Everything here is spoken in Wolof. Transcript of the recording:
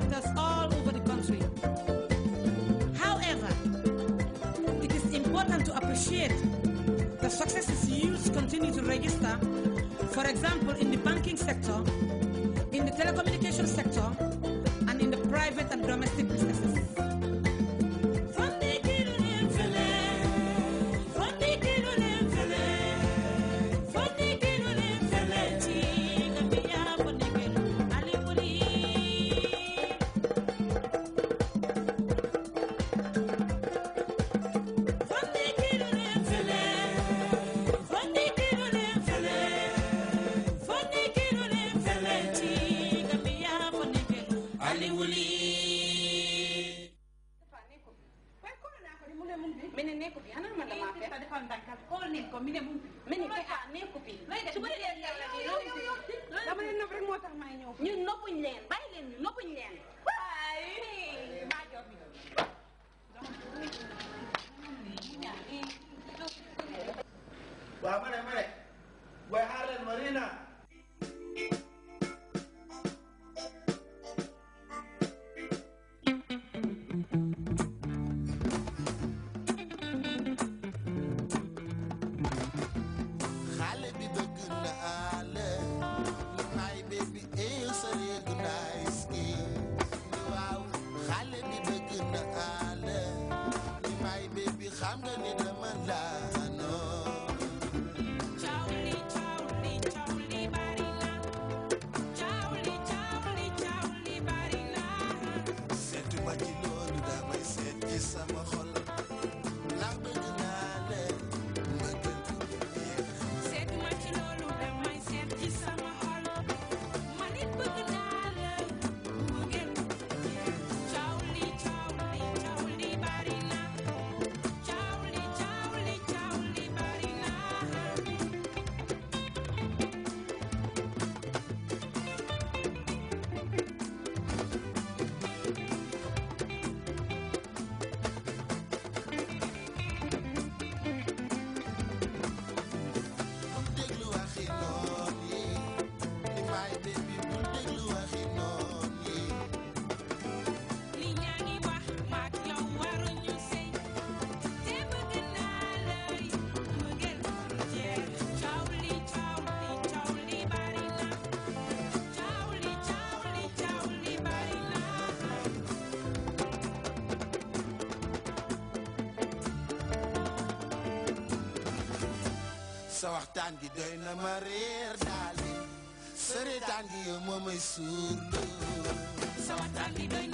actors all over the country. However, it is important to appreciate the successes youths continue to register, for example, in the banking sector, in the telecommunication sector, Aliou lii. dafa nekk ko waaye kóol naa de mu ne mu ngi fi. mais ko fi xanaa man damaa fekk. dafa ndànkal kóol nekk ko mi ne mu ngi fi. mais ne kay ah looy def su ma leen yàlla bi looy moo tax maa ñëw. ñun noppuñ leen bàyyi leen ñu noppuñ leen. sa waxtaan gi doy na ma réer daal di sa reetaan gi yow moo may suur sa waxtaan gi doy